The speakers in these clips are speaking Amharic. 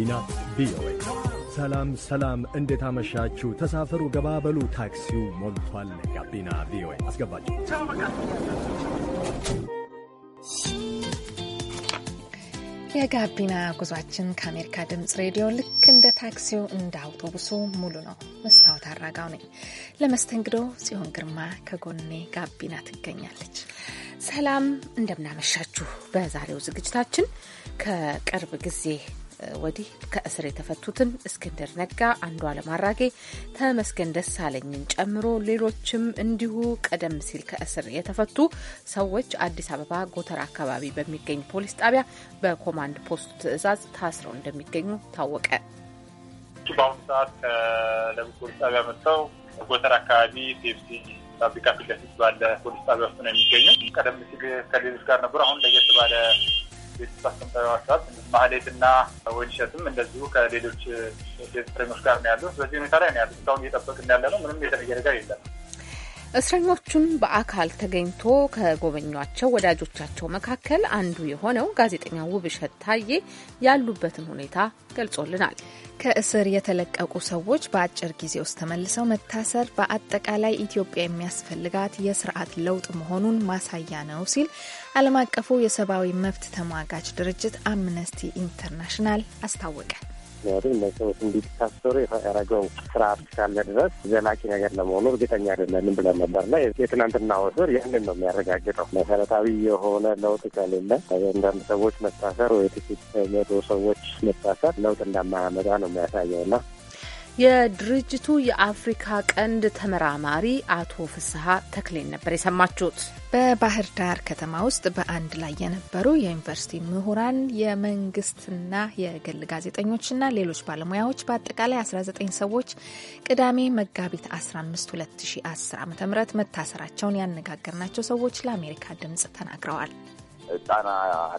ጋቢና ቪኦኤ። ሰላም ሰላም፣ እንዴት አመሻችሁ? ተሳፈሩ፣ ገባበሉ፣ ታክሲው ሞልቷል። ጋቢና ቪኦኤ አስገባችሁ። የጋቢና ጉዟችን ከአሜሪካ ድምፅ ሬዲዮ ልክ እንደ ታክሲው እንደ አውቶቡሱ ሙሉ ነው። መስታወት አራጋው ነኝ። ለመስተንግዶ ጽዮን ግርማ ከጎኔ ጋቢና ትገኛለች። ሰላም እንደምናመሻችሁ። በዛሬው ዝግጅታችን ከቅርብ ጊዜ ወዲህ ከእስር የተፈቱትን እስክንድር ነጋ፣ አንዱዓለም አራጌ፣ ተመስገን ደሳለኝን ጨምሮ ሌሎችም እንዲሁ ቀደም ሲል ከእስር የተፈቱ ሰዎች አዲስ አበባ ጎተራ አካባቢ በሚገኝ ፖሊስ ጣቢያ በኮማንድ ፖስቱ ትዕዛዝ ታስረው እንደሚገኙ ታወቀ። በአሁኑ ሰዓት ከለሚ ፖሊስ ጣቢያ መጥተው ጎተር አካባቢ ፔፕሲ ፋብሪካ ፊት ለፊት ባለ ፖሊስ ጣቢያ ውስጥ ነው የሚገኙ። ቀደም ሲል ከሌሎች ጋር ነበሩ። አሁን ለየት ባለ ቤት ማህሌት ማህሌትና ወይንሸትም እንደዚሁ ከሌሎች ቤተሰቦች ጋር ነው ያሉት። በዚህ ሁኔታ ላይ ነው ያሉት። እስካሁን እየጠበቅን ያለ ነው። ምንም የተለየ ነገር የለም። እስረኞቹን በአካል ተገኝቶ ከጎበኟቸው ወዳጆቻቸው መካከል አንዱ የሆነው ጋዜጠኛ ውብሸት ታዬ ያሉበትን ሁኔታ ገልጾልናል። ከእስር የተለቀቁ ሰዎች በአጭር ጊዜ ውስጥ ተመልሰው መታሰር በአጠቃላይ ኢትዮጵያ የሚያስፈልጋት የስርዓት ለውጥ መሆኑን ማሳያ ነው ሲል ዓለም አቀፉ የሰብአዊ መብት ተሟጋች ድርጅት አምነስቲ ኢንተርናሽናል አስታወቀ። ምክንያቱም እነዚህ ሰዎች እንዲታሰሩ ያደረገው ስርዓት እስካለ ድረስ ዘላቂ ነገር ለመሆኑ እርግጠኛ አይደለንም ብለን ነበር ነበርና የትናንትና ወስር ይህንን ነው የሚያረጋግጠው። መሰረታዊ የሆነ ለውጥ ከሌለ አንዳንድ ሰዎች መታሰር ወይ ጥቂት መቶ ሰዎች መታሰር ለውጥ እንዳማያመጣ ነው የሚያሳየው የሚያሳየውና የድርጅቱ የአፍሪካ ቀንድ ተመራማሪ አቶ ፍስሀ ተክሌን ነበር የሰማችሁት። በባህር ዳር ከተማ ውስጥ በአንድ ላይ የነበሩ የዩኒቨርሲቲ ምሁራን፣ የመንግስትና የግል ጋዜጠኞችና ሌሎች ባለሙያዎች በአጠቃላይ 19 ሰዎች ቅዳሜ መጋቢት 15 2010 ዓ ም መታሰራቸውን ያነጋገርናቸው ሰዎች ለአሜሪካ ድምጽ ተናግረዋል። ጣና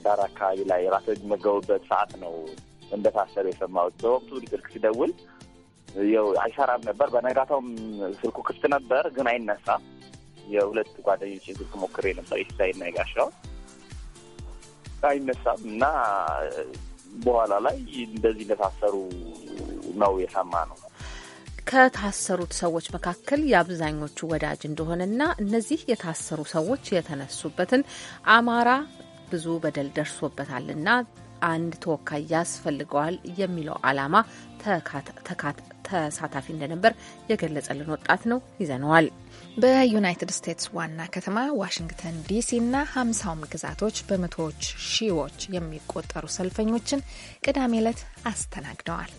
ዳር አካባቢ ላይ ራሰ መገቡበት ሰዓት ነው እንደታሰሩ የሰማሁት። በወቅቱ ስልክ ሲደውል አይሰራም ነበር። በነጋታውም ስልኩ ክፍት ነበር፣ ግን አይነሳ። የሁለት ጓደኞች ስልክ ሞክሬ ነበር፣ የሲሳይና ነጋሻው አይነሳም እና በኋላ ላይ እንደዚህ እንደታሰሩ ነው የሰማ ነው። ከታሰሩት ሰዎች መካከል የአብዛኞቹ ወዳጅ እንደሆነና እነዚህ የታሰሩ ሰዎች የተነሱበትን አማራ ብዙ በደል ደርሶበታልና አንድ ተወካይ ያስፈልገዋል የሚለው ዓላማ ተሳታፊ እንደነበር የገለጸልን ወጣት ነው። ይዘነዋል። በዩናይትድ ስቴትስ ዋና ከተማ ዋሽንግተን እና ሀምሳውም ግዛቶች በመቶዎች ሺዎች የሚቆጠሩ ሰልፈኞችን ቅዳሜ ዕለት አስተናግደዋል።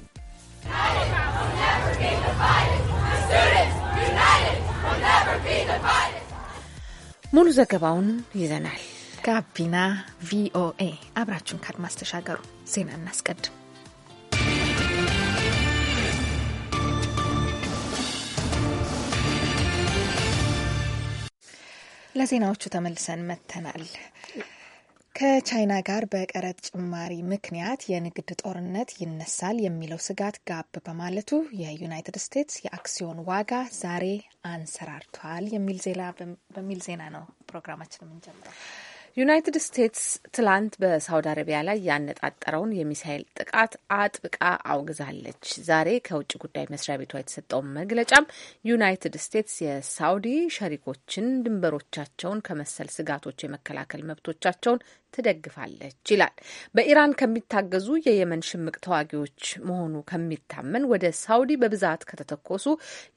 ሙሉ ዘገባውን ይዘናል። ጋቢና ቪኦኤ አብራችሁን ከአድማስ ተሻገሩ። ዜና እናስቀድም። ለዜናዎቹ ተመልሰን መጥተናል። ከቻይና ጋር በቀረጥ ጭማሪ ምክንያት የንግድ ጦርነት ይነሳል የሚለው ስጋት ጋብ በማለቱ የዩናይትድ ስቴትስ የአክሲዮን ዋጋ ዛሬ አንሰራርቷል የሚል ዜና ነው። ፕሮግራማችን የምንጀምረው ዩናይትድ ስቴትስ ትላንት በሳውዲ አረቢያ ላይ ያነጣጠረውን የሚሳኤል ጥቃት አጥብቃ አውግዛለች። ዛሬ ከውጭ ጉዳይ መስሪያ ቤቷ የተሰጠውን መግለጫም ዩናይትድ ስቴትስ የሳውዲ ሸሪኮችን ድንበሮቻቸውን ከመሰል ስጋቶች የመከላከል መብቶቻቸውን ትደግፋለች ይላል። በኢራን ከሚታገዙ የየመን ሽምቅ ተዋጊዎች መሆኑ ከሚታመን ወደ ሳውዲ በብዛት ከተተኮሱ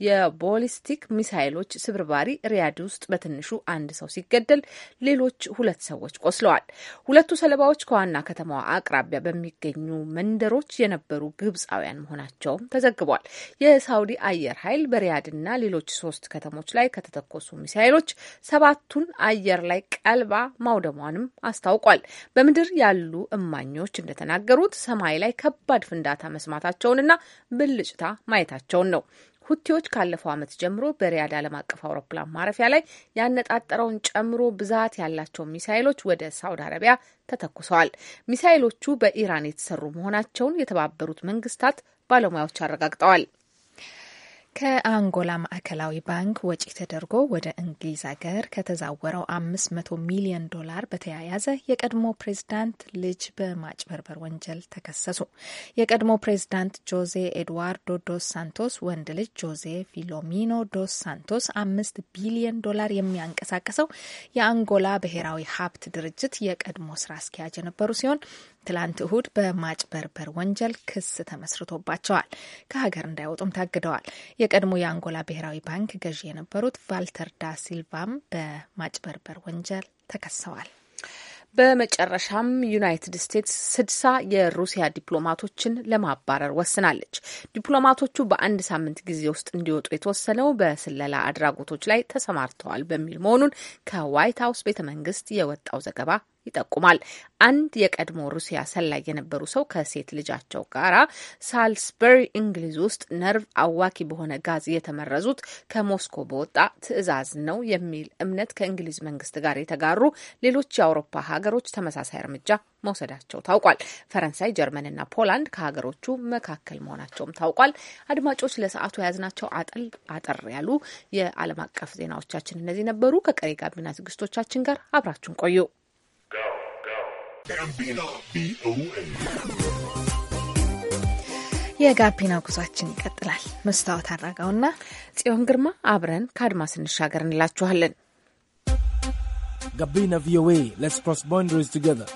የቦሊስቲክ ሚሳይሎች ስብርባሪ ሪያድ ውስጥ በትንሹ አንድ ሰው ሲገደል ሌሎች ሁለት ሰዎች ቆስለዋል። ሁለቱ ሰለባዎች ከዋና ከተማዋ አቅራቢያ በሚገኙ መንደሮች የነበሩ ግብፃውያን መሆናቸውም ተዘግቧል። የሳውዲ አየር ኃይል በሪያድና ሌሎች ሶስት ከተሞች ላይ ከተተኮሱ ሚሳይሎች ሰባቱን አየር ላይ ቀልባ ማውደሟንም አስታውቋል። አስታውቋል። በምድር ያሉ እማኞች እንደተናገሩት ሰማይ ላይ ከባድ ፍንዳታ መስማታቸውንና ብልጭታ ማየታቸውን ነው። ሁቲዎች ካለፈው ዓመት ጀምሮ በሪያድ ዓለም አቀፍ አውሮፕላን ማረፊያ ላይ ያነጣጠረውን ጨምሮ ብዛት ያላቸው ሚሳይሎች ወደ ሳውዲ አረቢያ ተተኩሰዋል። ሚሳይሎቹ በኢራን የተሰሩ መሆናቸውን የተባበሩት መንግስታት ባለሙያዎች አረጋግጠዋል። ከአንጎላ ማዕከላዊ ባንክ ወጪ ተደርጎ ወደ እንግሊዝ ሀገር ከተዛወረው 500 ሚሊዮን ዶላር በተያያዘ የቀድሞ ፕሬዝዳንት ልጅ በማጭበርበር ወንጀል ተከሰሱ። የቀድሞ ፕሬዝዳንት ጆዜ ኤድዋርዶ ዶስ ሳንቶስ ወንድ ልጅ ጆዜ ፊሎሚኖ ዶስ ሳንቶስ አምስት ቢሊዮን ዶላር የሚያንቀሳቀሰው የአንጎላ ብሔራዊ ሀብት ድርጅት የቀድሞ ስራ አስኪያጅ የነበሩ ሲሆን ትላንት እሁድ በማጭበርበር ወንጀል ክስ ተመስርቶባቸዋል። ከሀገር እንዳይወጡም ታግደዋል። የቀድሞ የአንጎላ ብሔራዊ ባንክ ገዢ የነበሩት ቫልተር ዳ ሲልቫም በማጭበርበር ወንጀል ተከሰዋል። በመጨረሻም ዩናይትድ ስቴትስ ስድሳ የሩሲያ ዲፕሎማቶችን ለማባረር ወስናለች። ዲፕሎማቶቹ በአንድ ሳምንት ጊዜ ውስጥ እንዲወጡ የተወሰነው በስለላ አድራጎቶች ላይ ተሰማርተዋል በሚል መሆኑን ከዋይት ሀውስ ቤተ መንግስት የወጣው ዘገባ ይጠቁማል። አንድ የቀድሞ ሩሲያ ሰላይ የነበሩ ሰው ከሴት ልጃቸው ጋር ሳልስበሪ እንግሊዝ ውስጥ ነርቭ አዋኪ በሆነ ጋዝ የተመረዙት ከሞስኮ በወጣ ትዕዛዝ ነው የሚል እምነት ከእንግሊዝ መንግስት ጋር የተጋሩ ሌሎች የአውሮፓ ሀገሮች ተመሳሳይ እርምጃ መውሰዳቸው ታውቋል። ፈረንሳይ፣ ጀርመንና ፖላንድ ከሀገሮቹ መካከል መሆናቸውም ታውቋል። አድማጮች ለሰዓቱ የያዝናቸው አጠል አጠር ያሉ የዓለም አቀፍ ዜናዎቻችን እነዚህ ነበሩ። ከቀሪ ጋቢና ዝግጅቶቻችን ጋር አብራችሁን ቆዩ። ጋቢና ቪኦኤ የጋቢና ጉዟችን ይቀጥላል። መስታወት አድራጋውና ጽዮን ግርማ አብረን ከአድማስ እንሻገር እንላችኋለን። ጋቢና ቪኦኤ ሌትስ ክሮስ ባውንደሪስ ቱጌዘር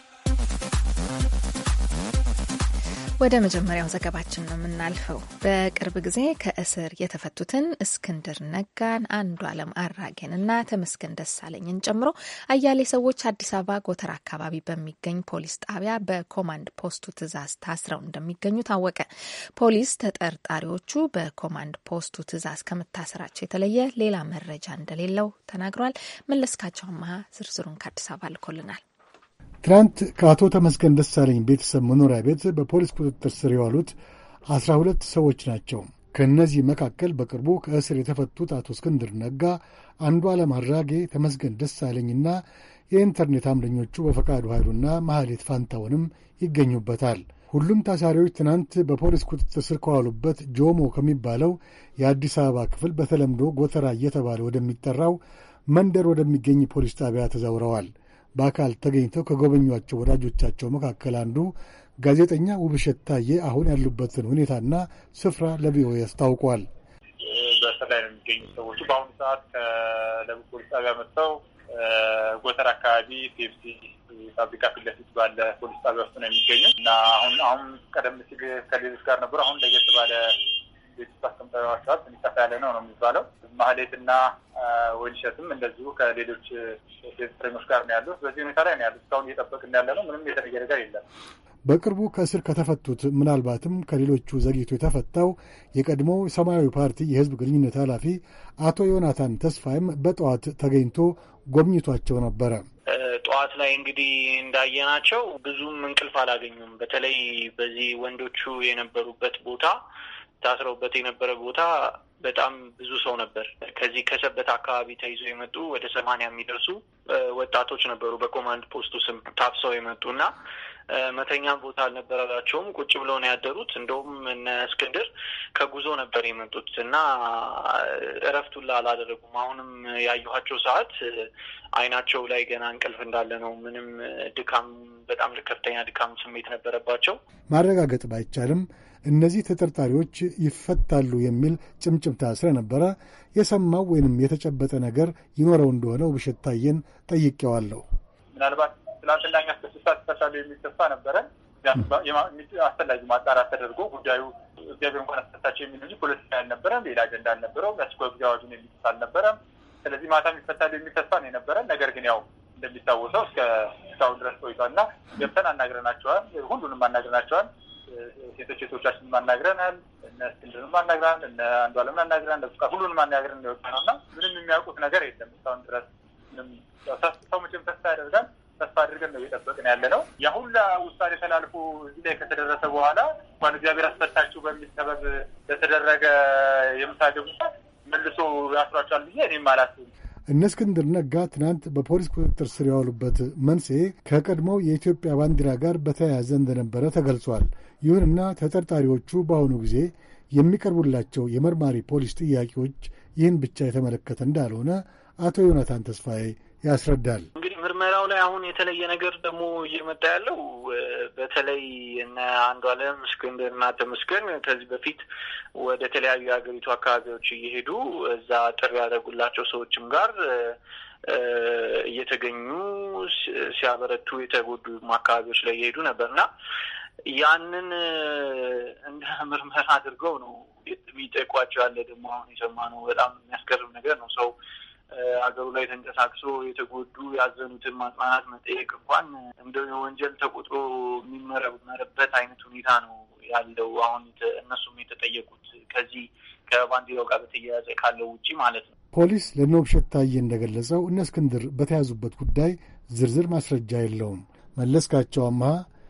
ወደ መጀመሪያው ዘገባችን ነው የምናልፈው። በቅርብ ጊዜ ከእስር የተፈቱትን እስክንድር ነጋን፣ አንዱ አራጌን አራጌንና ተመስገን ደሳለኝን ጨምሮ አያሌ ሰዎች አዲስ አበባ ጎተራ አካባቢ በሚገኝ ፖሊስ ጣቢያ በኮማንድ ፖስቱ ትዕዛዝ ታስረው እንደሚገኙ ታወቀ። ፖሊስ ተጠርጣሪዎቹ በኮማንድ ፖስቱ ትዕዛዝ ከመታሰራቸው የተለየ ሌላ መረጃ እንደሌለው ተናግሯል። መለስካቸው አመሃ ዝርዝሩን ከአዲስ አበባ ልኮልናል። ትናንት ከአቶ ተመስገን ደሳለኝ ቤተሰብ መኖሪያ ቤት በፖሊስ ቁጥጥር ስር የዋሉት አስራ ሁለት ሰዎች ናቸው። ከእነዚህ መካከል በቅርቡ ከእስር የተፈቱት አቶ እስክንድር ነጋ፣ አንዱ ዓለም ተመስገን ተመስገን ደሳለኝና የኢንተርኔት አምደኞቹ በፈቃዱ ኃይሉና መሐሌት ፋንታውንም ይገኙበታል። ሁሉም ታሳሪዎች ትናንት በፖሊስ ቁጥጥር ስር ከዋሉበት ጆሞ ከሚባለው የአዲስ አበባ ክፍል በተለምዶ ጎተራ እየተባለ ወደሚጠራው መንደር ወደሚገኝ ፖሊስ ጣቢያ ተዛውረዋል። በአካል ተገኝተው ከጎበኟቸው ወዳጆቻቸው መካከል አንዱ ጋዜጠኛ ውብሸት ታዬ አሁን ያሉበትን ሁኔታና ስፍራ ለቪኦኤ አስታውቋል። በእስር ላይ ነው የሚገኙ ሰዎቹ በአሁኑ ሰዓት ከደቡብ ፖሊስ ጣቢያ መጥተው ጎተር አካባቢ ፔፕሲ ፋብሪካ ፊት ለፊት ባለ ፖሊስ ጣቢያ ውስጥ ነው የሚገኙ እና አሁን አሁን ቀደም ሲል ከሌሎች ጋር ነበሩ። አሁን ለየት ባለ ቤት ውስጥ አስቀምጠዋቸዋል። ትንሽ ሰፋ ያለ ነው ነው የሚባለው። ማህሌትና ወልሸትም እንደዚሁ ከሌሎች እስረኞች ጋር ነው ያሉት። በዚህ ሁኔታ ላይ ነው ያሉት። እስካሁን እየጠበቅን ያለ ነው። ምንም የተለየ ነገር የለም። በቅርቡ ከእስር ከተፈቱት ምናልባትም ከሌሎቹ ዘግይቶ የተፈታው የቀድሞ ሰማያዊ ፓርቲ የህዝብ ግንኙነት ኃላፊ አቶ ዮናታን ተስፋይም በጠዋት ተገኝቶ ጎብኝቷቸው ነበረ። ጠዋት ላይ እንግዲህ እንዳየናቸው ብዙም እንቅልፍ አላገኙም። በተለይ በዚህ ወንዶቹ የነበሩበት ቦታ ታስረውበት የነበረ ቦታ በጣም ብዙ ሰው ነበር። ከዚህ ከሰበት አካባቢ ተይዞ የመጡ ወደ ሰማንያ የሚደርሱ ወጣቶች ነበሩ። በኮማንድ ፖስቱ ስም ታፍሰው የመጡ እና መተኛም ቦታ አልነበረላቸውም። ቁጭ ብለው ነው ያደሩት። እንደውም እነ እስክንድር ከጉዞ ነበር የመጡት እና እረፍቱላ አላደረጉም። አሁንም ያየኋቸው ሰዓት አይናቸው ላይ ገና እንቅልፍ እንዳለ ነው። ምንም ድካም፣ በጣም ከፍተኛ ድካም ስሜት ነበረባቸው። ማረጋገጥ ባይቻልም እነዚህ ተጠርጣሪዎች ይፈታሉ የሚል ጭምጭምታ ስለነበረ የሰማው ወይንም የተጨበጠ ነገር ይኖረው እንደሆነ ውብሸት ታየን ጠይቄዋለሁ። ምናልባት ትላንትና የሚያስከስሳ ይፈታሉ የሚል ተስፋ ነበረ። አስፈላጊ ማጣራት ተደርጎ ጉዳዩ እግዚአብሔር እንኳን አስፈታቸው የሚል እንጂ ፖለቲካ አልነበረም። ሌላ አጀንዳ አልነበረው። ያስጓጉ አዋጁን የሚጥስ አልነበረም። ስለዚህ ማታም ይፈታሉ የሚል ተስፋ ነው የነበረ። ነገር ግን ያው እንደሚታወሰው እስከ እስካሁን ድረስ ቆይቷል ቆይቷልና ገብተን አናግረናቸዋል። ሁሉንም አናግረናቸዋል። ሴቶች ሴቶቻችን ማናግረናል፣ እነ እስክንድርንም አናግራን፣ እነ አንዷለምን አናግራን፣ ለብቃ ሁሉን አናግረን የወጣ ነው እና ምንም የሚያውቁት ነገር የለም እስካሁን ድረስ ምንም ሰው መቼም ተስፋ ያደርጋል። ተስፋ አድርገን ነው እየጠበቅን ያለ ነው። ያሁላ ውሳኔ ተላልፎ እዚህ ላይ ከተደረሰ በኋላ እንኳን እግዚአብሔር አስፈታችሁ በሚል ሰበብ ለተደረገ የምሳ መልሶ ያስሯቸዋል ብዬ እኔም አላስብም። እነ እስክንድር ነጋ ትናንት በፖሊስ ቁጥጥር ስር የዋሉበት መንስኤ ከቀድሞው የኢትዮጵያ ባንዲራ ጋር በተያያዘ እንደነበረ ተገልጿል። ይሁንና ተጠርጣሪዎቹ በአሁኑ ጊዜ የሚቀርቡላቸው የመርማሪ ፖሊስ ጥያቄዎች ይህን ብቻ የተመለከተ እንዳልሆነ አቶ ዮናታን ተስፋዬ ያስረዳል። እንግዲህ ምርመራው ላይ አሁን የተለየ ነገር ደግሞ እየመጣ ያለው በተለይ እነ አንዷለም እስክንድርና ተመስገን ከዚህ በፊት ወደ ተለያዩ የሀገሪቱ አካባቢዎች እየሄዱ እዛ ጥሪ ያደረጉላቸው ሰዎችም ጋር እየተገኙ ሲያበረቱ የተጎዱ አካባቢዎች ላይ እየሄዱ ነበር እና ያንን እንደ ምርመራ አድርገው ነው የሚጠይቋቸው። ያለ ደግሞ አሁን የሰማነው በጣም የሚያስገርም ነገር ነው። ሰው ሀገሩ ላይ ተንቀሳቅሶ የተጎዱ ያዘኑትን ማጽናናት መጠየቅ እንኳን እንደ ወንጀል ተቆጥሮ የሚመረመርበት አይነት ሁኔታ ነው ያለው። አሁን እነሱም የተጠየቁት ከዚህ ከባንዲራው ጋር በተያያዘ ካለው ውጪ ማለት ነው። ፖሊስ ለኖብሸት ታዬ እንደገለጸው እነ እስክንድር በተያዙበት ጉዳይ ዝርዝር ማስረጃ የለውም። መለስካቸው አምሃ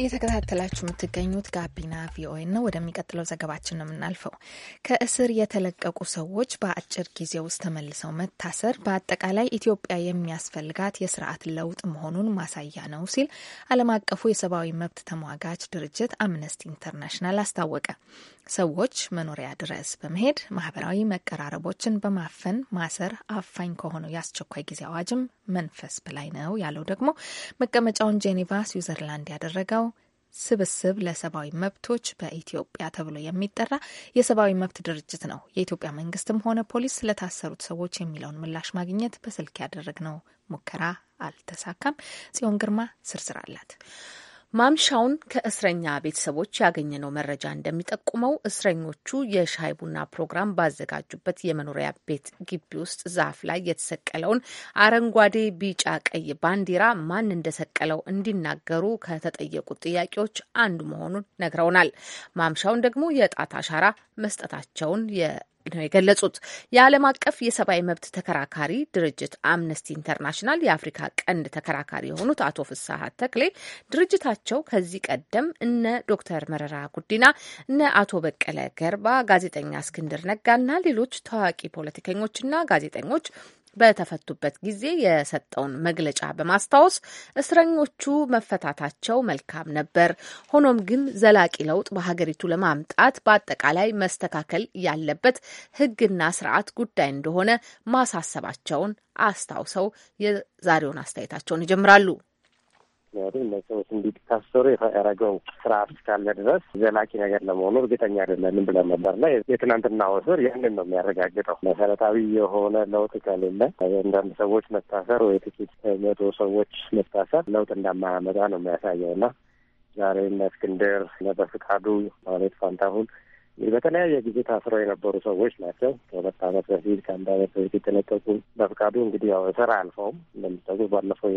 እየተከታተላችሁ የምትገኙት ጋቢና ቪኦኤ ነው። ወደሚቀጥለው ዘገባችን ነው የምናልፈው። ከእስር የተለቀቁ ሰዎች በአጭር ጊዜ ውስጥ ተመልሰው መታሰር በአጠቃላይ ኢትዮጵያ የሚያስፈልጋት የስርዓት ለውጥ መሆኑን ማሳያ ነው ሲል ዓለም አቀፉ የሰብአዊ መብት ተሟጋች ድርጅት አምነስቲ ኢንተርናሽናል አስታወቀ። ሰዎች መኖሪያ ድረስ በመሄድ ማህበራዊ መቀራረቦችን በማፈን ማሰር አፋኝ ከሆነው የአስቸኳይ ጊዜ አዋጅም መንፈስ በላይ ነው ያለው ደግሞ መቀመጫውን ጄኔቫ ስዊዘርላንድ ያደረገው ስብስብ ለሰብአዊ መብቶች በኢትዮጵያ ተብሎ የሚጠራ የሰብአዊ መብት ድርጅት ነው። የኢትዮጵያ መንግስትም ሆነ ፖሊስ ስለታሰሩት ሰዎች የሚለውን ምላሽ ማግኘት በስልክ ያደረግነው ሙከራ አልተሳካም። ጽዮን ግርማ ዝርዝር አላት። ማምሻውን ከእስረኛ ቤተሰቦች ያገኘነው መረጃ እንደሚጠቁመው እስረኞቹ የሻይ ቡና ፕሮግራም ባዘጋጁበት የመኖሪያ ቤት ግቢ ውስጥ ዛፍ ላይ የተሰቀለውን አረንጓዴ፣ ቢጫ፣ ቀይ ባንዲራ ማን እንደሰቀለው እንዲናገሩ ከተጠየቁት ጥያቄዎች አንዱ መሆኑን ነግረውናል። ማምሻውን ደግሞ የጣት አሻራ መስጠታቸውን ነው የገለጹት። የዓለም አቀፍ የሰብአዊ መብት ተከራካሪ ድርጅት አምነስቲ ኢንተርናሽናል የአፍሪካ ቀንድ ተከራካሪ የሆኑት አቶ ፍሳሀ ተክሌ ድርጅታቸው ከዚህ ቀደም እነ ዶክተር መረራ ጉዲና፣ እነ አቶ በቀለ ገርባ፣ ጋዜጠኛ እስክንድር ነጋና ሌሎች ታዋቂ ፖለቲከኞችና ጋዜጠኞች በተፈቱበት ጊዜ የሰጠውን መግለጫ በማስታወስ እስረኞቹ መፈታታቸው መልካም ነበር፣ ሆኖም ግን ዘላቂ ለውጥ በሀገሪቱ ለማምጣት በአጠቃላይ መስተካከል ያለበት ሕግና ስርዓት ጉዳይ እንደሆነ ማሳሰባቸውን አስታውሰው የዛሬውን አስተያየታቸውን ይጀምራሉ። ምክንያቱም እነዚህ ሰዎች እንዲታሰሩ ያደረገው ስራ እስካለ ድረስ ዘላቂ ነገር ለመሆኑ እርግጠኛ አይደለንም ብለን ነበር እና የትናንትና ወስር ይህንን ነው የሚያረጋግጠው። መሰረታዊ የሆነ ለውጥ ከሌለ አንዳንድ ሰዎች መታሰር ወይ ጥቂት መቶ ሰዎች መታሰር ለውጥ እንዳማያመጣ ነው የሚያሳየው እና ዛሬ እነ እስክንድር እነ በፍቃዱ ማለት ፋንታሁን በተለያየ ጊዜ ታስረው የነበሩ ሰዎች ናቸው። ከሁለት ዓመት በፊት ከአንድ ዓመት በፊት የተለቀቁ በፍቃዱ እንግዲህ ያው እስር አልፈውም እንደምታውቁት ባለፈው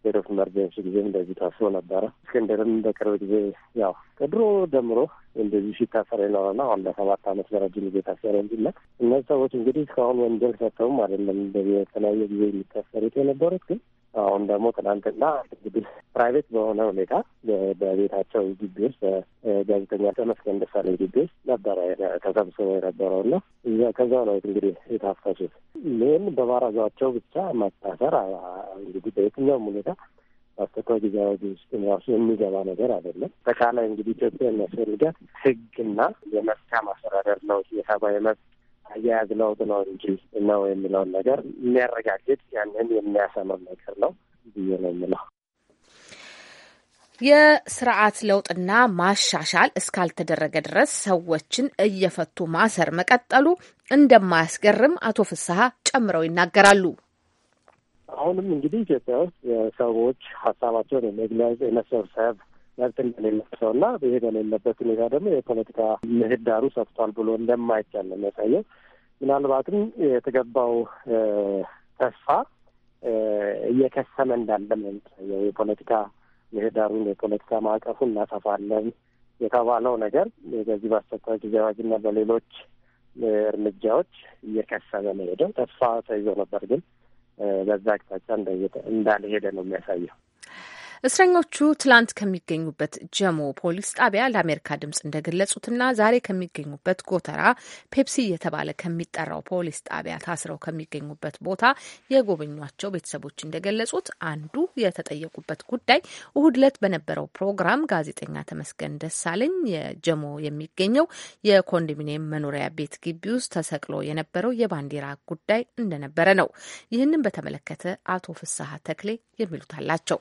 ስቴት ኦፍ ኢመርጀንሲ ጊዜ እንደዚህ ታስሮ ነበረ። እስክንድርም በቅርብ ጊዜ ያው ከድሮ ጀምሮ እንደዚህ ሲታሰር የኖረና አሁን ለሰባት አመት ለረጅም ጊዜ ታሰረ እንዲለት እነዚህ ሰዎች እንግዲህ እስካሁን ወንጀል ሰጥተውም አይደለም እንደዚህ የተለያየ ጊዜ የሚታሰሩት የነበሩት ግን አሁን ደግሞ ትናንትና እንግዲህ ፕራይቬት በሆነ ሁኔታ በቤታቸው ግቢ ውስጥ በጋዜጠኛ ተመስገን ደሳለኝ ግቢ ውስጥ ነበረ ተሰብስቦ የነበረው እና እዛ ከዛ ነው እንግዲህ የታፈሱት። ይህን በማረጓቸው ብቻ መታሰር እንግዲህ በየትኛውም ሁኔታ አስቸኳይ ጊዜ አዋጅ ውስጥ ራሱ የሚገባ ነገር አይደለም። ተካላይ እንግዲህ ኢትዮጵያ የሚያስፈልጋት ህግና የመልካም አስተዳደር ነው የሰብአዊ መብት አያያዝ ለውጥ ነው እንጂ ነው የሚለውን ነገር የሚያረጋግጥ ያንን የሚያሰምር ነገር ነው ብዬ ነው የምለው። የስርዓት ለውጥና ማሻሻል እስካልተደረገ ድረስ ሰዎችን እየፈቱ ማሰር መቀጠሉ እንደማያስገርም አቶ ፍስሀ ጨምረው ይናገራሉ። አሁንም እንግዲህ ኢትዮጵያ ውስጥ የሰዎች ሀሳባቸውን የመግለጽ የመሰብሰብ መብት እንደሌለው ሰው እና ይሄ በሌለበት ሁኔታ ደግሞ የፖለቲካ ምህዳሩ ሰፍቷል ብሎ እንደማይቻል ነው የሚያሳየው። ምናልባትም የተገባው ተስፋ እየከሰመ እንዳለ ነው የሚያሳየው። የፖለቲካ ምህዳሩን የፖለቲካ ማዕቀፉ እናሰፋለን የተባለው ነገር በዚህ በአስቸኳይ ጊዜ አዋጅና በሌሎች እርምጃዎች እየከሰመ ነው ሄደው ተስፋ ተይዞ ነበር ግን በዛ አቅጣጫ እንዳልሄደ ነው የሚያሳየው። እስረኞቹ ትላንት ከሚገኙበት ጀሞ ፖሊስ ጣቢያ ለአሜሪካ ድምጽ እንደገለጹትና ዛሬ ከሚገኙበት ጎተራ ፔፕሲ እየተባለ ከሚጠራው ፖሊስ ጣቢያ ታስረው ከሚገኙበት ቦታ የጎበኟቸው ቤተሰቦች እንደገለጹት አንዱ የተጠየቁበት ጉዳይ እሁድ ዕለት በነበረው ፕሮግራም ጋዜጠኛ ተመስገን ደሳለኝ የጀሞ የሚገኘው የኮንዶሚኒየም መኖሪያ ቤት ግቢ ውስጥ ተሰቅሎ የነበረው የባንዲራ ጉዳይ እንደነበረ ነው። ይህንን በተመለከተ አቶ ፍስሀ ተክሌ የሚሉት አላቸው።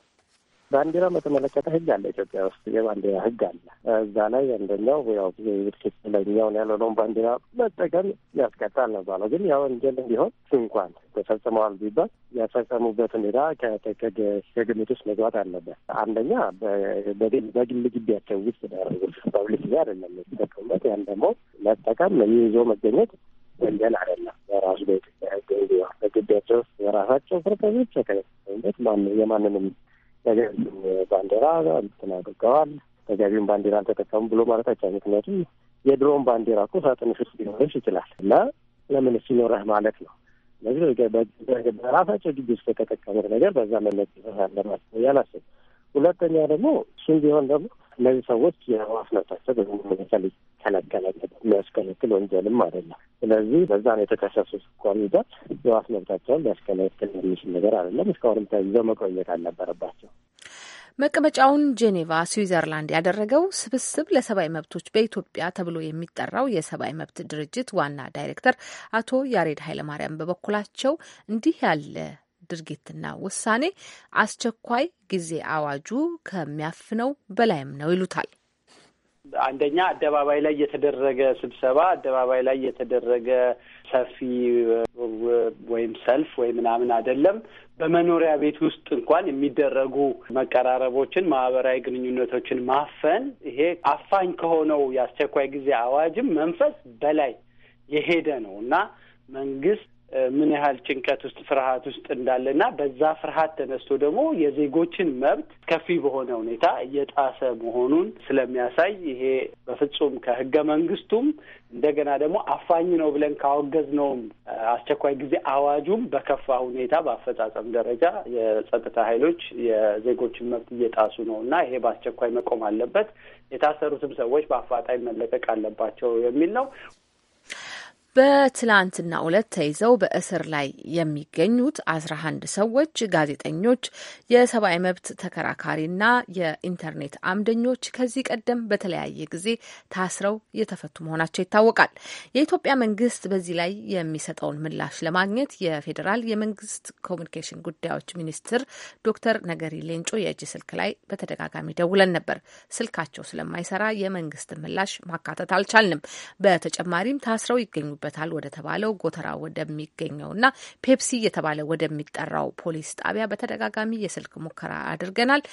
ባንዲራ በተመለከተ ህግ አለ። ኢትዮጵያ ውስጥ የባንዲራ ህግ አለ። እዛ ላይ አንደኛው ያው ለኛውን ያልሆነውን ባንዲራ መጠቀም ያስቀጣል ነው ባለው። ግን ያ ወንጀል እንዲሆን እንኳን ተፈጽመዋል ቢባል ያፈጸሙበት ሁኔታ ከግምት ውስጥ መግባት አለበት። አንደኛ በግል ግቢያቸው ውስጥ ያደረጉት ፐብሊክ ጊዜ አይደለም የሚጠቀሙበት። ያን ደግሞ መጠቀም ይዞ መገኘት ወንጀል አይደለም። በራሱ በኢትዮጵያ ህግ እንዲሆን በግቢያቸው ውስጥ የራሳቸው ፐርፐዞች ከበት የማንንም ተገቢውን ባንዲራ እንትን ያደርገዋል። ተገቢውን ባንዲራ አልተጠቀሙም ብሎ ማለት አይቻልም። ምክንያቱም የድሮውን ባንዲራ እኮ ሳጥንሽ ውስጥ ሊኖርሽ ይችላል እና ለምን ሲኖረህ ማለት ነው። ስለዚህ በራሳቸው ግቢ ውስጥ የተጠቀሙት ነገር በዛ መመጽፈት ነው ያላስብ። ሁለተኛ ደግሞ እሱም ቢሆን ደግሞ እነዚህ ሰዎች የዋስ መብታቸው ሁኔታ ሊከለከል የሚያስከለክል ወንጀልም አይደለም። ስለዚህ በዛ ነው የተከሰሱት እንኳን ሂደት የዋስ መብታቸውን ሊያስከለክል የሚችል ነገር አይደለም። እስካሁንም ተይዘው መቆየት አልነበረባቸው። መቀመጫውን ጄኔቫ ስዊዘርላንድ ያደረገው ስብስብ ለሰብአዊ መብቶች በኢትዮጵያ ተብሎ የሚጠራው የሰብአዊ መብት ድርጅት ዋና ዳይሬክተር አቶ ያሬድ ኃይለማርያም በበኩላቸው እንዲህ ያለ ድርጊትና ውሳኔ አስቸኳይ ጊዜ አዋጁ ከሚያፍነው በላይም ነው ይሉታል። አንደኛ አደባባይ ላይ የተደረገ ስብሰባ፣ አደባባይ ላይ የተደረገ ሰፊ ወይም ሰልፍ ወይ ምናምን አይደለም። በመኖሪያ ቤት ውስጥ እንኳን የሚደረጉ መቀራረቦችን፣ ማህበራዊ ግንኙነቶችን ማፈን ይሄ አፋኝ ከሆነው የአስቸኳይ ጊዜ አዋጅም መንፈስ በላይ የሄደ ነው እና መንግስት ምን ያህል ጭንቀት ውስጥ ፍርሃት ውስጥ እንዳለ እና በዛ ፍርሃት ተነስቶ ደግሞ የዜጎችን መብት ከፊ በሆነ ሁኔታ እየጣሰ መሆኑን ስለሚያሳይ ይሄ በፍጹም ከህገ መንግስቱም እንደገና ደግሞ አፋኝ ነው ብለን ካወገዝነውም አስቸኳይ ጊዜ አዋጁም በከፋ ሁኔታ በአፈጻጸም ደረጃ የጸጥታ ኃይሎች የዜጎችን መብት እየጣሱ ነው እና ይሄ በአስቸኳይ መቆም አለበት፣ የታሰሩትም ሰዎች በአፋጣኝ መለቀቅ አለባቸው የሚል ነው። በትላንትና ዕለት ተይዘው በእስር ላይ የሚገኙት አስራ አንድ ሰዎች ጋዜጠኞች፣ የሰብአዊ መብት ተከራካሪና የኢንተርኔት አምደኞች ከዚህ ቀደም በተለያየ ጊዜ ታስረው የተፈቱ መሆናቸው ይታወቃል። የኢትዮጵያ መንግስት በዚህ ላይ የሚሰጠውን ምላሽ ለማግኘት የፌዴራል የመንግስት ኮሚኒኬሽን ጉዳዮች ሚኒስትር ዶክተር ነገሪ ሌንጮ የእጅ ስልክ ላይ በተደጋጋሚ ደውለን ነበር። ስልካቸው ስለማይሰራ የመንግስት ምላሽ ማካተት አልቻልንም። በተጨማሪም ታስረው ይገኙ ይገኙበታል ወደ ተባለው ጎተራ ወደሚገኘውና ፔፕሲ እየተባለ ወደሚጠራው ፖሊስ ጣቢያ በተደጋጋሚ የስልክ ሙከራ አድርገናል።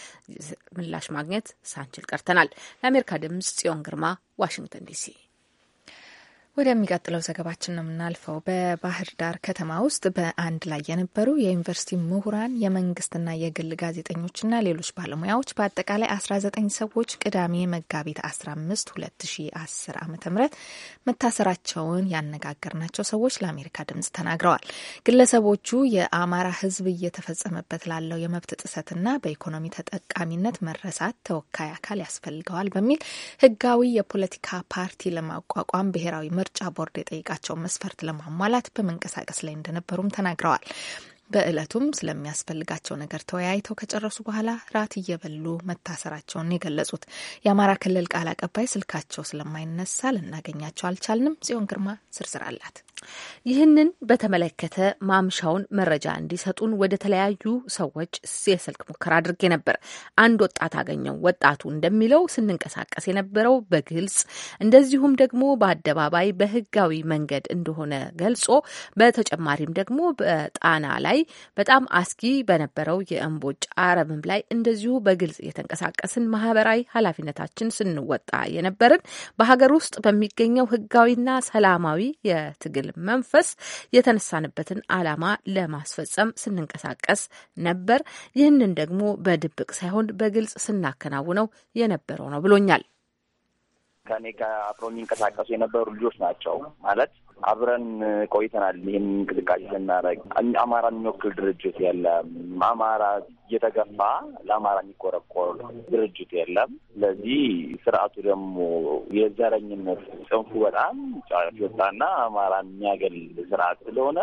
ምላሽ ማግኘት ሳንችል ቀርተናል። ለአሜሪካ ድምጽ ጽዮን ግርማ ዋሽንግተን ዲሲ ወደሚቀጥለው ዘገባችን ነው የምናልፈው። በባህር ዳር ከተማ ውስጥ በአንድ ላይ የነበሩ የዩኒቨርሲቲ ምሁራን፣ የመንግስትና የግል ጋዜጠኞችና ሌሎች ባለሙያዎች በአጠቃላይ 19 ሰዎች ቅዳሜ መጋቢት 15 2010 ዓ ም መታሰራቸውን ያነጋገርናቸው ሰዎች ለአሜሪካ ድምጽ ተናግረዋል። ግለሰቦቹ የአማራ ህዝብ እየተፈጸመበት ላለው የመብት ጥሰትና በኢኮኖሚ ተጠቃሚነት መረሳት ተወካይ አካል ያስፈልገዋል በሚል ህጋዊ የፖለቲካ ፓርቲ ለማቋቋም ብሔራዊ ምርጫ ቦርድ የጠይቃቸውን መስፈርት ለማሟላት በመንቀሳቀስ ላይ እንደነበሩም ተናግረዋል። በእለቱም ስለሚያስፈልጋቸው ነገር ተወያይተው ከጨረሱ በኋላ ራት እየበሉ መታሰራቸውን የገለጹት የአማራ ክልል ቃል አቀባይ ስልካቸው ስለማይነሳ ልናገኛቸው አልቻልንም። ጽዮን ግርማ ዝርዝር አላት። ይህንን በተመለከተ ማምሻውን መረጃ እንዲሰጡን ወደ ተለያዩ ሰዎች የስልክ ሙከራ አድርጌ ነበር። አንድ ወጣት አገኘው። ወጣቱ እንደሚለው ስንንቀሳቀስ የነበረው በግልጽ እንደዚሁም ደግሞ በአደባባይ በህጋዊ መንገድ እንደሆነ ገልጾ በተጨማሪም ደግሞ በጣና ላይ ላይ በጣም አስጊ በነበረው የእምቦጭ አረምም ላይ እንደዚሁ በግልጽ የተንቀሳቀስን ማህበራዊ ኃላፊነታችን ስንወጣ የነበርን በሀገር ውስጥ በሚገኘው ህጋዊና ሰላማዊ የትግል መንፈስ የተነሳንበትን አላማ ለማስፈጸም ስንንቀሳቀስ ነበር። ይህንን ደግሞ በድብቅ ሳይሆን በግልጽ ስናከናውነው የነበረው ነው ብሎኛል። ከኔ ጋር አብረው የሚንቀሳቀሱ የነበሩ ልጆች ናቸው ማለት አብረን ቆይተናል። ይህን እንቅስቃሴ ስናደርግ አማራ የሚወክል ድርጅት የለም። አማራ እየተገፋ ለአማራ የሚቆረቆር ድርጅት የለም። ስለዚህ ስርዓቱ ደግሞ የዘረኝነት ጽንፉ በጣም ጫፍ ወጣና አማራን የሚያገል ስርዓት ስለሆነ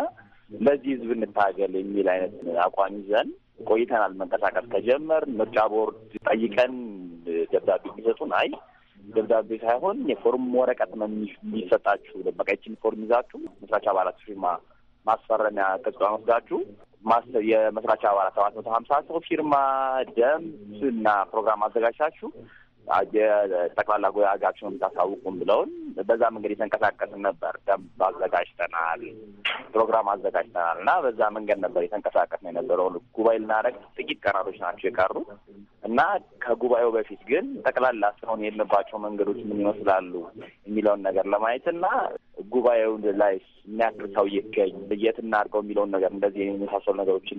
ለዚህ ህዝብ እንታገል የሚል አይነት አቋም ይዘን ቆይተናል። መንቀሳቀስ ከጀመር ምርጫ ቦርድ ጠይቀን ደብዳቤ የሚሰጡን አይ ደብዳቤ ሳይሆን የፎርም ወረቀት ነው የሚሰጣችሁ። በቃ ይችን ፎርም ይዛችሁ መስራች አባላት ፊርማ ማስፈረሚያ ቅጽ ወስዳችሁ የመስራች አባላት ሰባት መቶ ሀምሳ ሰው ፊርማ ደምብ እና ፕሮግራም አዘጋጅታችሁ የጠቅላላ ጉባኤያችሁን ታሳውቁም ብለውን በዛ መንገድ የተንቀሳቀስን ነበር። ደንብ አዘጋጅተናል፣ ፕሮግራም አዘጋጅተናል እና በዛ መንገድ ነበር የተንቀሳቀስን የነበረው። ጉባኤ ልናደርግ ጥቂት ቀናቶች ናቸው የቀሩ እና ከጉባኤው በፊት ግን ጠቅላላ ስራውን የለባቸው መንገዶች ምን ይመስላሉ የሚለውን ነገር ለማየት እና ጉባኤው ላይ የሚያክል ሰው ይገኝ የት እናድርገው የሚለውን ነገር እንደዚህ የመሳሰሉ ነገሮችን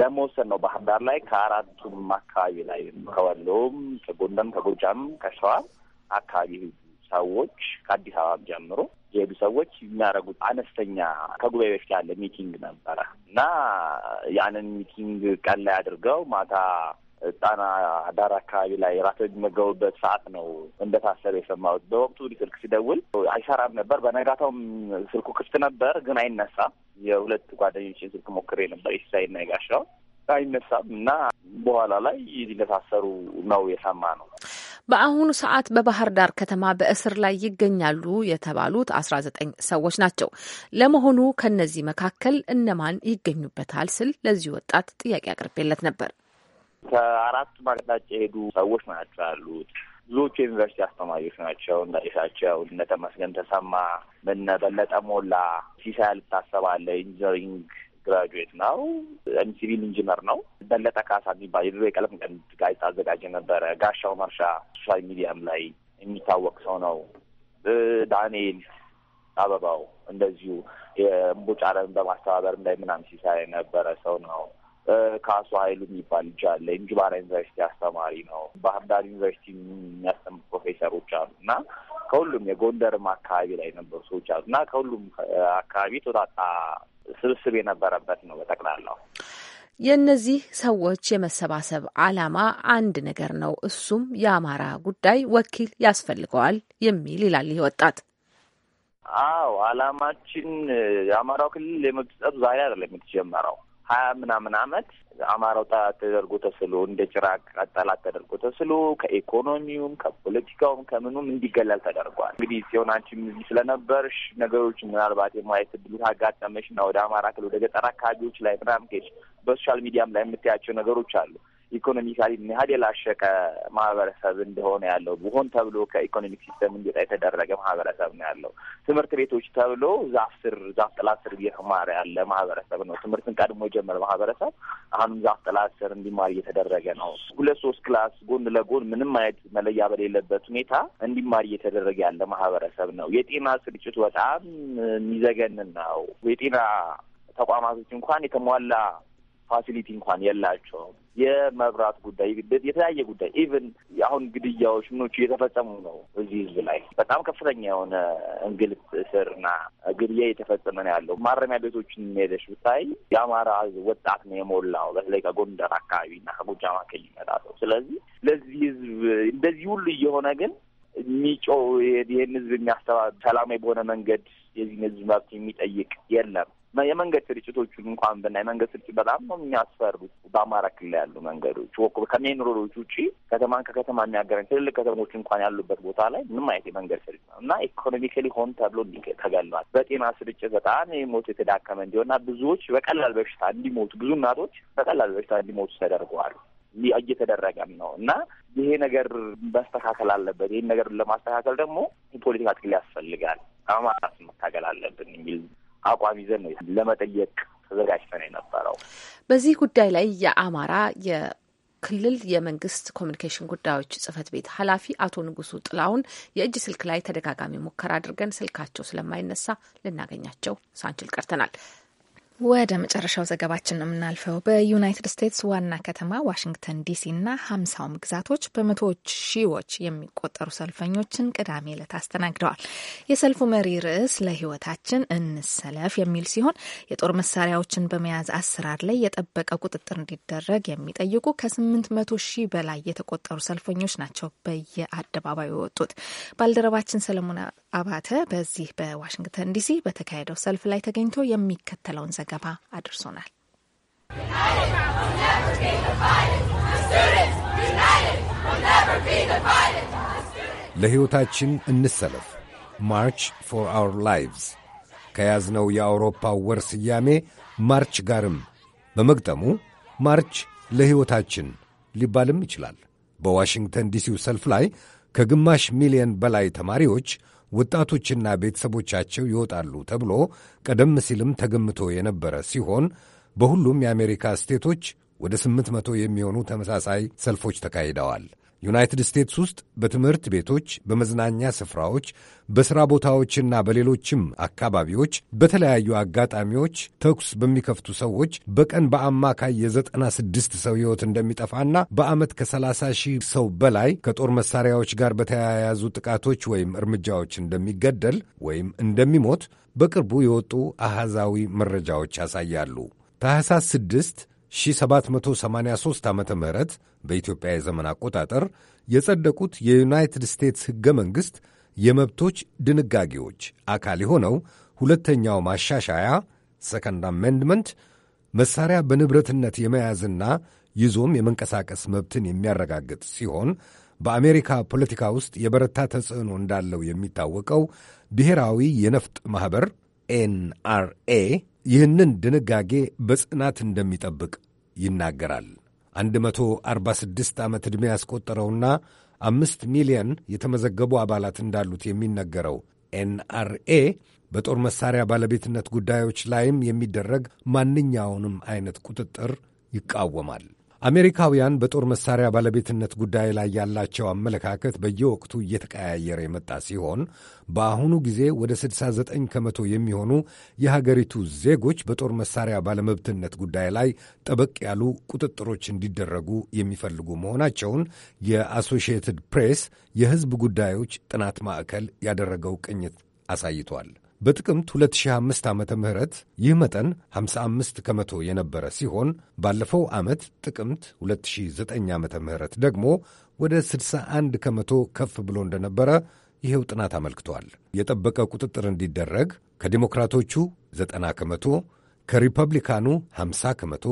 ለመወሰን ነው። ባህር ዳር ላይ ከአራቱም አካባቢ ላይ ከወሎም፣ ከጎንደም፣ ከጎጃም፣ ከሸዋ አካባቢ ሰዎች ከአዲስ አበባ ጀምሮ የሄዱ ሰዎች የሚያደርጉት አነስተኛ ከጉባኤ በፊት ያለ ሚቲንግ ነበረ እና ያንን ሚቲንግ ቀን ላይ አድርገው ማታ ጣና ዳር አካባቢ ላይ ራቶች የሚመገቡበት ሰዓት ነው እንደታሰረ የሰማሁት። በወቅቱ ስልክ ሲደውል አይሰራም ነበር። በነጋታውም ስልኩ ክፍት ነበር፣ ግን አይነሳም። የሁለት ጓደኞችን ስልክ ሞክሬ ነበር፣ ይሳይና ይጋሻው አይነሳም እና በኋላ ላይ እንደታሰሩ ነው የሰማ ነው። በአሁኑ ሰዓት በባህር ዳር ከተማ በእስር ላይ ይገኛሉ የተባሉት አስራ ዘጠኝ ሰዎች ናቸው። ለመሆኑ ከነዚህ መካከል እነማን ይገኙበታል ስል ለዚህ ወጣት ጥያቄ አቅርቤለት ነበር። ከአራት ማቅጣጫ የሄዱ ሰዎች ናቸው ያሉት። ብዙዎቹ የዩኒቨርሲቲ አስተማሪዎች ናቸው። እንዳይሳቸው ጌታቸው፣ እነ ተመስገን ተሰማ፣ እነ በለጠ ሞላ፣ ሲሳይ ያልታሰባለ ኢንጂነሪንግ ግራጁዌት ነው፣ ሲቪል ኢንጂነር ነው። በለጠ ካሳ የሚባል የድሮ የቀለም ቀንድ ጋዜጣ አዘጋጅ ነበረ። ጋሻው መርሻ ሶሻል ሚዲያም ላይ የሚታወቅ ሰው ነው። ዳንኤል አበባው እንደዚሁ የእምቦጭ አረምን በማስተባበር ላይ ምናምን ሲሳይ ነበረ ሰው ነው። ካሱ ሀይሉ የሚባል ልጅ አለ። የእንጅባራ ዩኒቨርሲቲ አስተማሪ ነው። ባህር ዳር ዩኒቨርሲቲ የሚያስተምሩ ፕሮፌሰሮች አሉ እና ከሁሉም የጎንደርም አካባቢ ላይ የነበሩ ሰዎች አሉ እና ከሁሉም አካባቢ ተወጣጣ ስብስብ የነበረበት ነው በጠቅላላው። የእነዚህ ሰዎች የመሰባሰብ ዓላማ አንድ ነገር ነው። እሱም የአማራ ጉዳይ ወኪል ያስፈልገዋል የሚል ይላል ይህ ወጣት። አዎ ዓላማችን የአማራው ክልል የመግለጽ ዛሬ አይደለም የተጀመረው ሀያ ምናምን አመት አማራው ጠላት ተደርጎ ተስሎ እንደ ጭራቅ ጠላት ተደርጎ ተስሎ ከኢኮኖሚውም ከፖለቲካውም ከምኑም እንዲገለል ተደርጓል። እንግዲህ ሲሆናችን እዚህ ስለነበርሽ ነገሮች ምናልባት የማየት እድሉ አጋጠመሽ እና ወደ አማራ ክልል ወደ ገጠር አካባቢዎች ላይ ምናምን ከሄድሽ በሶሻል ሚዲያም ላይ የምታያቸው ነገሮች አሉ። ኢኮኖሚካሊ ምን ያህል የላሸቀ ማህበረሰብ እንደሆነ ያለው ሆን ተብሎ ከኢኮኖሚክ ሲስተም እንዲወጣ የተደረገ ማህበረሰብ ነው ያለው። ትምህርት ቤቶች ተብሎ ዛፍ ስር ዛፍ ጥላ ስር እየተማረ ያለ ማህበረሰብ ነው። ትምህርትን ቀድሞ የጀመረ ማህበረሰብ አሁንም ዛፍ ጥላ ስር እንዲማር እየተደረገ ነው። ሁለት ሶስት ክላስ ጎን ለጎን ምንም አይነት መለያ በሌለበት ሁኔታ እንዲማር እየተደረገ ያለ ማህበረሰብ ነው። የጤና ስርጭቱ በጣም የሚዘገንን ነው። የጤና ተቋማቶች እንኳን የተሟላ ፋሲሊቲ እንኳን የላቸውም። የመብራት ጉዳይ፣ የተለያየ ጉዳይ ኢቨን አሁን ግድያዎች ምኖቹ እየተፈጸሙ ነው። እዚህ ህዝብ ላይ በጣም ከፍተኛ የሆነ እንግልት፣ እስርና ግድያ እየተፈጸመ ነው ያለው። ማረሚያ ቤቶችን ሄደሽ ብታይ የአማራ ወጣት ነው የሞላው፣ በተለይ ከጎንደር አካባቢና ከጎጃም አካባቢ ይመጣ ነው። ስለዚህ ለዚህ ህዝብ እንደዚህ ሁሉ እየሆነ ግን የሚጮ ይህን ህዝብ የሚያስተባ ሰላማዊ በሆነ መንገድ የዚህን ህዝብ መብት የሚጠይቅ የለም። የመንገድ ስርጭቶቹን እንኳን ብና የመንገድ ስርጭት በጣም ነው የሚያስፈሩት። በአማራ ክልል ያሉ መንገዶች ከሜን ሮዶች ውጪ ከተማን ከከተማ የሚያገረን ትልልቅ ከተሞች እንኳን ያሉበት ቦታ ላይ ምንም አይነት የመንገድ ስርጭት ነው እና ኢኮኖሚካሊ ሆን ተብሎ ተገሏል። በጤና ስርጭት በጣም የሞት የተዳከመ እንዲሆንና ብዙዎች በቀላል በሽታ እንዲሞቱ ብዙ እናቶች በቀላል በሽታ እንዲሞቱ ተደርገዋል እየተደረገም ነው እና ይሄ ነገር መስተካከል አለበት። ይህን ነገር ለማስተካከል ደግሞ ፖለቲካ ትግል ያስፈልጋል። አማራስ መታገል አለብን የሚል አቋም ይዘን ነው ለመጠየቅ ተዘጋጅተን የነበረው። በዚህ ጉዳይ ላይ የአማራ የክልል የመንግስት ኮሚኒኬሽን ጉዳዮች ጽህፈት ቤት ኃላፊ አቶ ንጉሱ ጥላውን የእጅ ስልክ ላይ ተደጋጋሚ ሙከራ አድርገን ስልካቸው ስለማይነሳ ልናገኛቸው ሳንችል ቀርተናል። ወደ መጨረሻው ዘገባችን ነው የምናልፈው። በዩናይትድ ስቴትስ ዋና ከተማ ዋሽንግተን ዲሲ እና ሀምሳውም ግዛቶች በመቶዎች ሺዎች የሚቆጠሩ ሰልፈኞችን ቅዳሜ ዕለት አስተናግደዋል። የሰልፉ መሪ ርዕስ ለሕይወታችን እንሰለፍ የሚል ሲሆን የጦር መሳሪያዎችን በመያዝ አሰራር ላይ የጠበቀ ቁጥጥር እንዲደረግ የሚጠይቁ ከስምንት መቶ ሺህ በላይ የተቆጠሩ ሰልፈኞች ናቸው በየአደባባዩ የወጡት። ባልደረባችን ሰለሞን አባተ በዚህ በዋሽንግተን ዲሲ በተካሄደው ሰልፍ ላይ ተገኝቶ የሚከተለውን ዘገ ዘገባ አድርሶናል። ለሕይወታችን እንሰለፍ ማርች ፎር አውር ላይቭስ ከያዝነው የአውሮፓ ወር ስያሜ ማርች ጋርም በመግጠሙ ማርች ለሕይወታችን ሊባልም ይችላል። በዋሽንግተን ዲሲው ሰልፍ ላይ ከግማሽ ሚሊየን በላይ ተማሪዎች ወጣቶችና ቤተሰቦቻቸው ይወጣሉ ተብሎ ቀደም ሲልም ተገምቶ የነበረ ሲሆን በሁሉም የአሜሪካ ስቴቶች ወደ ስምንት መቶ የሚሆኑ ተመሳሳይ ሰልፎች ተካሂደዋል። ዩናይትድ ስቴትስ ውስጥ በትምህርት ቤቶች፣ በመዝናኛ ስፍራዎች፣ በሥራ ቦታዎችና በሌሎችም አካባቢዎች በተለያዩ አጋጣሚዎች ተኩስ በሚከፍቱ ሰዎች በቀን በአማካይ የዘጠና ስድስት ሰው ሕይወት እንደሚጠፋና በዓመት ከ30 ሺህ ሰው በላይ ከጦር መሳሪያዎች ጋር በተያያዙ ጥቃቶች ወይም እርምጃዎች እንደሚገደል ወይም እንደሚሞት በቅርቡ የወጡ አሃዛዊ መረጃዎች ያሳያሉ። ታህሳስ 6 1783 ዓ ም በኢትዮጵያ የዘመን አቆጣጠር የጸደቁት የዩናይትድ ስቴትስ ሕገ መንግሥት የመብቶች ድንጋጌዎች አካል የሆነው ሁለተኛው ማሻሻያ ሰከንድ አሜንድመንት መሣሪያ በንብረትነት የመያዝና ይዞም የመንቀሳቀስ መብትን የሚያረጋግጥ ሲሆን በአሜሪካ ፖለቲካ ውስጥ የበረታ ተጽዕኖ እንዳለው የሚታወቀው ብሔራዊ የነፍጥ ማኅበር ኤንአርኤ ይህንን ድንጋጌ በጽናት እንደሚጠብቅ ይናገራል። 146 ዓመት ዕድሜ ያስቆጠረውና አምስት ሚሊየን የተመዘገቡ አባላት እንዳሉት የሚነገረው ኤንአርኤ በጦር መሳሪያ ባለቤትነት ጉዳዮች ላይም የሚደረግ ማንኛውንም አይነት ቁጥጥር ይቃወማል። አሜሪካውያን በጦር መሳሪያ ባለቤትነት ጉዳይ ላይ ያላቸው አመለካከት በየወቅቱ እየተቀያየረ የመጣ ሲሆን በአሁኑ ጊዜ ወደ 69 ከመቶ የሚሆኑ የሀገሪቱ ዜጎች በጦር መሳሪያ ባለመብትነት ጉዳይ ላይ ጠበቅ ያሉ ቁጥጥሮች እንዲደረጉ የሚፈልጉ መሆናቸውን የአሶሺየትድ ፕሬስ የሕዝብ ጉዳዮች ጥናት ማዕከል ያደረገው ቅኝት አሳይቷል። በጥቅምት 2005 ዓ ም ይህ መጠን 55 ከመቶ የነበረ ሲሆን ባለፈው ዓመት ጥቅምት 2009 ዓ ም ደግሞ ወደ 61 ከመቶ ከፍ ብሎ እንደነበረ ይኸው ጥናት አመልክቷል። የጠበቀ ቁጥጥር እንዲደረግ ከዲሞክራቶቹ 90 ከመቶ፣ ከሪፐብሊካኑ 50 ከመቶ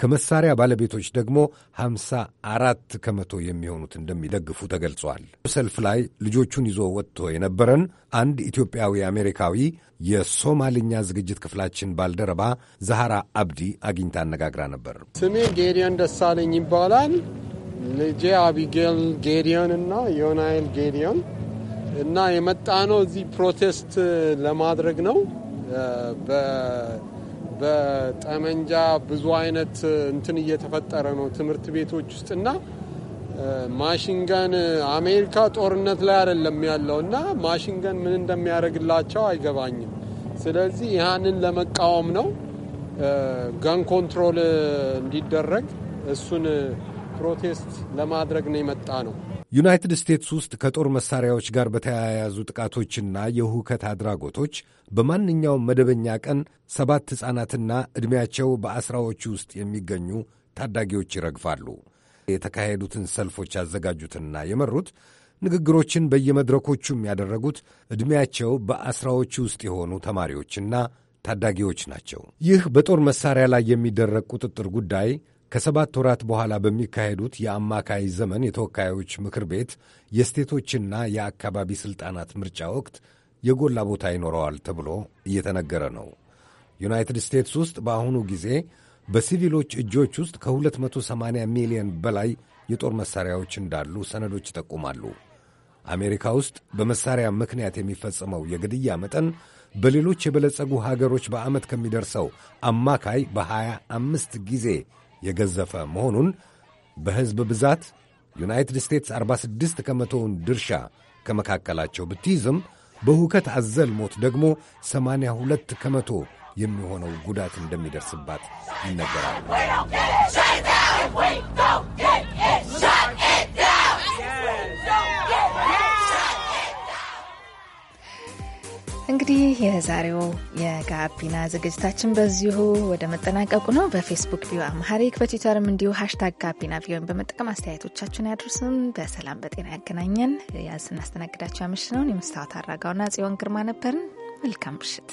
ከመሳሪያ ባለቤቶች ደግሞ 54 ከመቶ የሚሆኑት እንደሚደግፉ ተገልጿል። ሰልፍ ላይ ልጆቹን ይዞ ወጥቶ የነበረን አንድ ኢትዮጵያዊ አሜሪካዊ የሶማልኛ ዝግጅት ክፍላችን ባልደረባ ዛሃራ አብዲ አግኝታ አነጋግራ ነበር። ስሜ ጌዲዮን ደሳለኝ ይባላል። ልጄ አቢጌል ጌዲዮን እና ዮናይል ጌዲዮን እና የመጣ ነው እዚህ ፕሮቴስት ለማድረግ ነው በጠመንጃ ብዙ አይነት እንትን እየተፈጠረ ነው ትምህርት ቤቶች ውስጥ እና ማሽንገን አሜሪካ ጦርነት ላይ አይደለም ያለው እና ማሽንገን ምን እንደሚያደርግላቸው አይገባኝም። ስለዚህ ይህንን ለመቃወም ነው ገን ኮንትሮል እንዲደረግ እሱን ፕሮቴስት ለማድረግ ነው የመጣ ነው። ዩናይትድ ስቴትስ ውስጥ ከጦር መሳሪያዎች ጋር በተያያዙ ጥቃቶችና የሁከት አድራጎቶች በማንኛውም መደበኛ ቀን ሰባት ሕፃናትና ዕድሜያቸው በአስራዎች ውስጥ የሚገኙ ታዳጊዎች ይረግፋሉ። የተካሄዱትን ሰልፎች ያዘጋጁትና የመሩት ንግግሮችን በየመድረኮቹም ያደረጉት ዕድሜያቸው በአስራዎች ውስጥ የሆኑ ተማሪዎችና ታዳጊዎች ናቸው። ይህ በጦር መሳሪያ ላይ የሚደረግ ቁጥጥር ጉዳይ ከሰባት ወራት በኋላ በሚካሄዱት የአማካይ ዘመን የተወካዮች ምክር ቤት የስቴቶችና የአካባቢ ሥልጣናት ምርጫ ወቅት የጎላ ቦታ ይኖረዋል ተብሎ እየተነገረ ነው። ዩናይትድ ስቴትስ ውስጥ በአሁኑ ጊዜ በሲቪሎች እጆች ውስጥ ከ280 ሚሊዮን በላይ የጦር መሣሪያዎች እንዳሉ ሰነዶች ይጠቁማሉ። አሜሪካ ውስጥ በመሣሪያ ምክንያት የሚፈጸመው የግድያ መጠን በሌሎች የበለጸጉ ሀገሮች በዓመት ከሚደርሰው አማካይ በ25 ጊዜ የገዘፈ መሆኑን በሕዝብ ብዛት ዩናይትድ ስቴትስ 46 ከመቶውን ድርሻ ከመካከላቸው ብትይዝም በሁከት አዘል ሞት ደግሞ 82 ከመቶ የሚሆነው ጉዳት እንደሚደርስባት ይነገራል። እንግዲህ የዛሬው የጋቢና ዝግጅታችን በዚሁ ወደ መጠናቀቁ ነው። በፌስቡክ ቪዮ አማሐሪክ በትዊተርም እንዲሁ ሀሽታግ ጋቢና ቪዮን በመጠቀም አስተያየቶቻችሁን ያድርሱን። በሰላም በጤና ያገናኘን። ያዝ ስናስተናግዳቸው ያመሽነውን የመስታወት አራጋውና ጽዮን ግርማ ነበርን። መልካም ምሽት።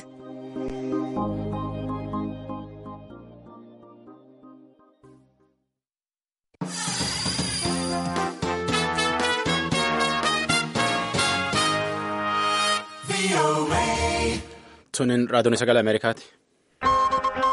suni raadiyoon sagalee Ameerikaati.